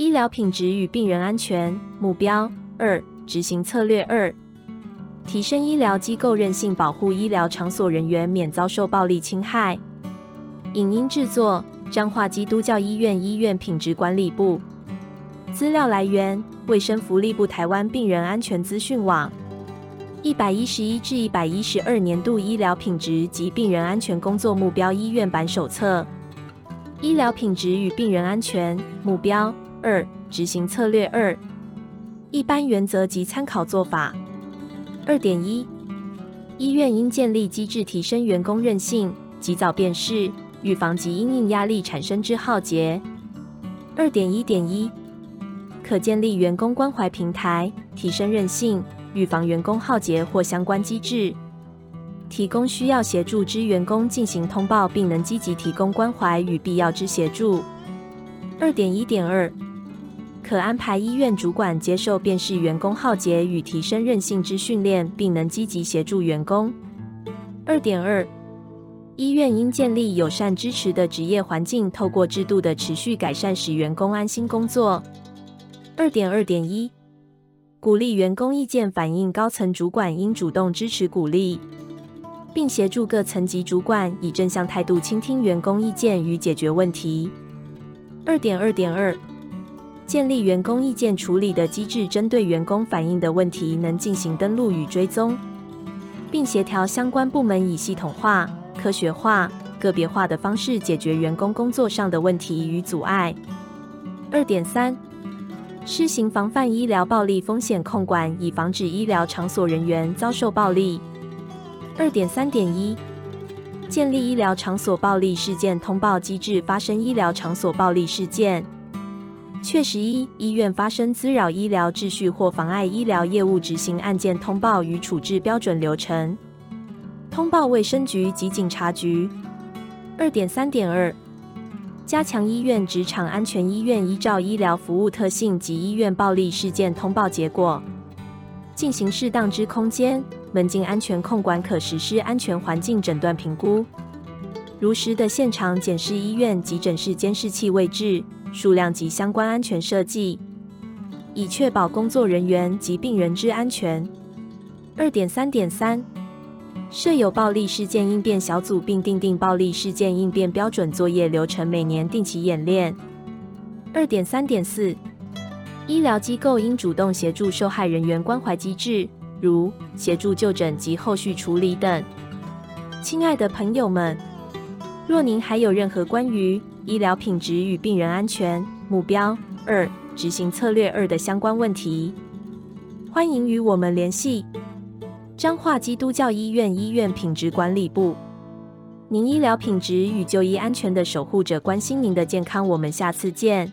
醫療品質與病人安全目標二，執行策略二，提升醫療機構韌性，保護醫療場所人員免遭受暴力侵害。影音制作：彰化基督教醫院醫院品質管理部。資料來源：衛生福利部台灣病人安全資訊網。一百一十一至一百一十二年度醫療品質及病人安全工作目標醫院版手冊。醫療品質與病人安全目標。二、執行策略二、一般原則及參考做法。二點一，醫院應建立機制提升員工韌性，及早辨識、預防及因應壓力產生之耗竭。二點一點一，可建立員工關懷平台，提升韌性，預防員工耗竭或相關機制，提供需要協助之員工進行通報，並能積極提供關懷與必要之協助。二點一點二。可安排醫院主管接受辨識員工耗竭與提升韌性之訓練，並能積極協助員工。二點二，醫院應建立友善支持的執業環境，透過制度的持續改善，使員工安心工作。二點二點一，鼓勵員工意見反映，高層主管應主動支持鼓勵，並協助各層級主管以正向態度傾聽員工意見與解決問題。二點二點二。建立員工意見處理的機制，針對員工反映的問題能進行登錄與追蹤，並協調相關部門以系統化、科學化、個別化的方式解決員工工作上的問題與阻礙。二點三，施行防範醫療暴力風險控管，以防止醫療場所人員遭受暴力。二點三點一，建立醫療場所暴力事件通報機制，發生醫療場所暴力事件，確實一醫院發生滋擾醫療秩序或妨礙醫療業務執行案件通報與處置標準流程，通報衛生局及警察局。二點三點二，加強醫院職場安全，醫院依照醫療服務特性及醫院暴力事件通報結果，進行適當之空間門禁安全控管，可實施安全環境診斷評估，如實的現場檢視醫院急診室監視器位置、數量及相關安全設計，以確保工作人員及病人之安全。二點三點三，設有暴力事件應變小組，並訂定暴力事件應變標準作業流程，每年定期演練。二點三點四，醫療機構應主動協助受害人員關懷機制，如協助就診及後續處理等。親愛的朋友們。若您還有任何關於醫療品質與病人安全目標二執行策略二的相關問題，歡迎與我們聯繫。彰化基督教醫院醫院品質管理部，您醫療品質與就醫安全的守護者，關心您的健康。我們下次見。